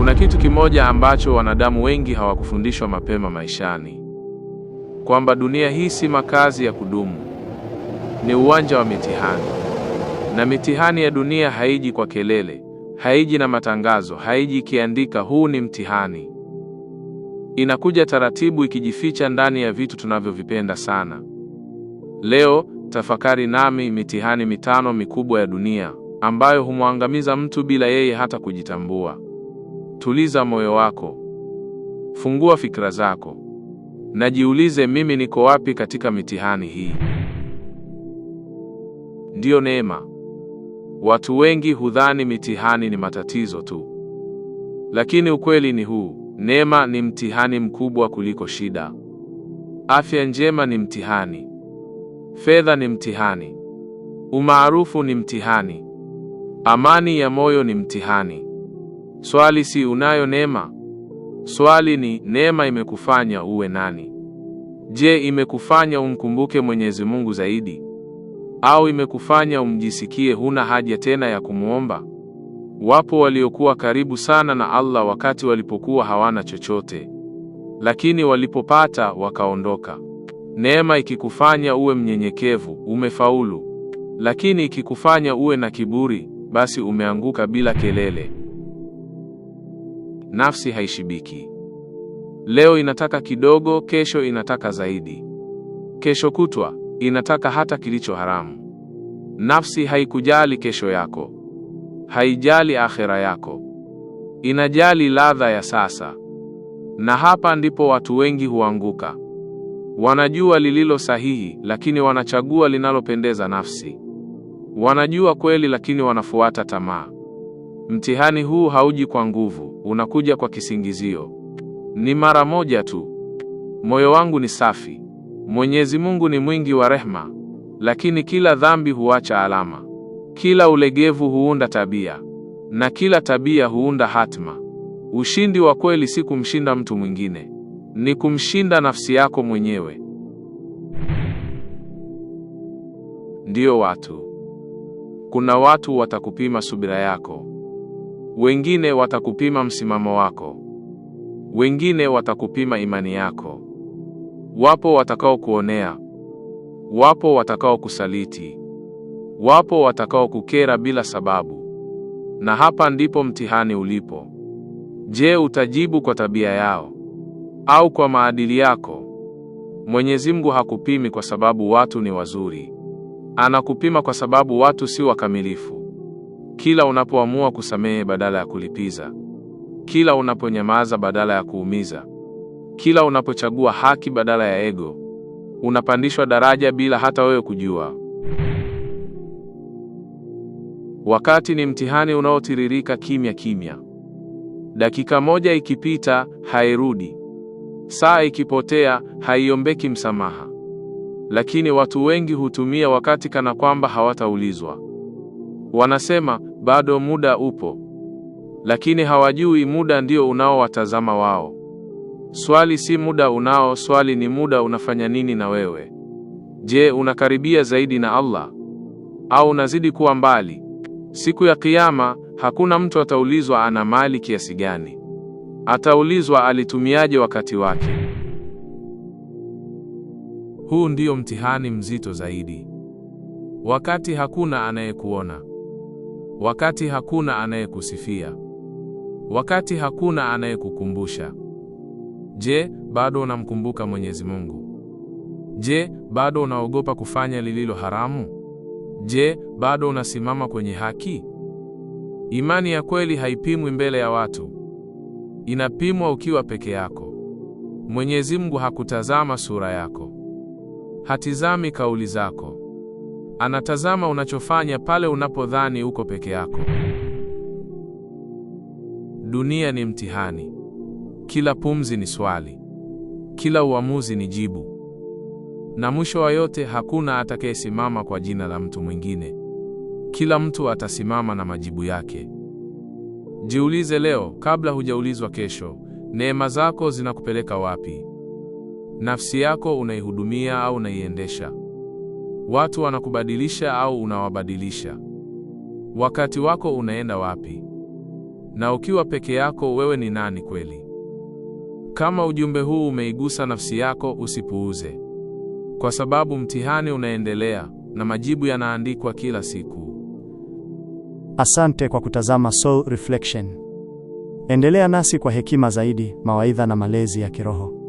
Kuna kitu kimoja ambacho wanadamu wengi hawakufundishwa mapema maishani, kwamba dunia hii si makazi ya kudumu, ni uwanja wa mitihani. Na mitihani ya dunia haiji kwa kelele, haiji na matangazo, haiji ikiandika huu ni mtihani. Inakuja taratibu, ikijificha ndani ya vitu tunavyovipenda sana. Leo tafakari nami mitihani mitano mikubwa ya dunia ambayo humwangamiza mtu bila yeye hata kujitambua. Tuliza moyo wako, fungua fikra zako, najiulize mimi niko wapi katika mitihani hii. Ndiyo neema. Watu wengi hudhani mitihani ni matatizo tu, lakini ukweli ni huu: neema ni mtihani mkubwa kuliko shida. Afya njema ni mtihani, fedha ni mtihani, umaarufu ni mtihani, amani ya moyo ni mtihani. Swali si unayo neema? Swali ni neema imekufanya uwe nani? Je, imekufanya umkumbuke Mwenyezi Mungu zaidi au imekufanya umjisikie huna haja tena ya kumwomba? Wapo waliokuwa karibu sana na Allah wakati walipokuwa hawana chochote, lakini walipopata wakaondoka. Neema ikikufanya uwe mnyenyekevu, umefaulu, lakini ikikufanya uwe na kiburi, basi umeanguka bila kelele. Nafsi haishibiki. Leo inataka kidogo, kesho inataka zaidi, kesho kutwa inataka hata kilicho haramu. Nafsi haikujali kesho yako, haijali akhera yako, inajali ladha ya sasa. Na hapa ndipo watu wengi huanguka. Wanajua lililo sahihi, lakini wanachagua linalopendeza nafsi. Wanajua kweli, lakini wanafuata tamaa. Mtihani huu hauji kwa nguvu unakuja kwa kisingizio. Ni mara moja tu. Moyo wangu ni safi, Mwenyezi Mungu ni mwingi wa rehema, lakini kila dhambi huacha alama, kila ulegevu huunda tabia, na kila tabia huunda hatima. Ushindi wa kweli si kumshinda mtu mwingine, ni kumshinda nafsi yako mwenyewe. Ndiyo watu, kuna watu watakupima subira yako. Wengine watakupima msimamo wako, wengine watakupima imani yako. Wapo watakaokuonea, wapo watakaokusaliti, wapo watakaokukera bila sababu. Na hapa ndipo mtihani ulipo. Je, utajibu kwa tabia yao au kwa maadili yako? Mwenyezi Mungu hakupimi kwa sababu watu ni wazuri, anakupima kwa sababu watu si wakamilifu. Kila unapoamua kusamehe badala ya kulipiza, kila unaponyamaza badala ya kuumiza, kila unapochagua haki badala ya ego, unapandishwa daraja bila hata wewe kujua. Wakati ni mtihani unaotiririka kimya kimya. Dakika moja ikipita, hairudi. Saa ikipotea, haiombeki msamaha. Lakini watu wengi hutumia wakati kana kwamba hawataulizwa. Wanasema bado muda upo, lakini hawajui muda ndio unaowatazama wao. Swali si muda unao, swali ni muda unafanya nini na wewe. Je, unakaribia zaidi na Allah au unazidi kuwa mbali? Siku ya Kiyama hakuna mtu ataulizwa ana mali kiasi gani, ataulizwa alitumiaje wakati wake. Huu ndio mtihani mzito zaidi, wakati hakuna anayekuona wakati hakuna anayekusifia, wakati hakuna anayekukumbusha. Je, bado unamkumbuka Mwenyezi Mungu? Je, bado unaogopa kufanya lililo haramu? Je, bado unasimama kwenye haki? Imani ya kweli haipimwi mbele ya watu, inapimwa ukiwa peke yako. Mwenyezi Mungu hakutazama sura yako, hatizami kauli zako. Anatazama unachofanya pale unapodhani uko peke yako. Dunia ni mtihani. Kila pumzi ni swali, kila uamuzi ni jibu, na mwisho wa yote hakuna atakayesimama kwa jina la mtu mwingine. Kila mtu atasimama na majibu yake. Jiulize leo kabla hujaulizwa kesho. Neema zako zinakupeleka wapi? Nafsi yako unaihudumia au unaiendesha? Watu wanakubadilisha au unawabadilisha? Wakati wako unaenda wapi? Na ukiwa peke yako wewe ni nani kweli? Kama ujumbe huu umeigusa nafsi yako, usipuuze, kwa sababu mtihani unaendelea na majibu yanaandikwa kila siku. Asante kwa kutazama Soul Reflection. Endelea nasi kwa hekima zaidi, mawaidha na malezi ya kiroho.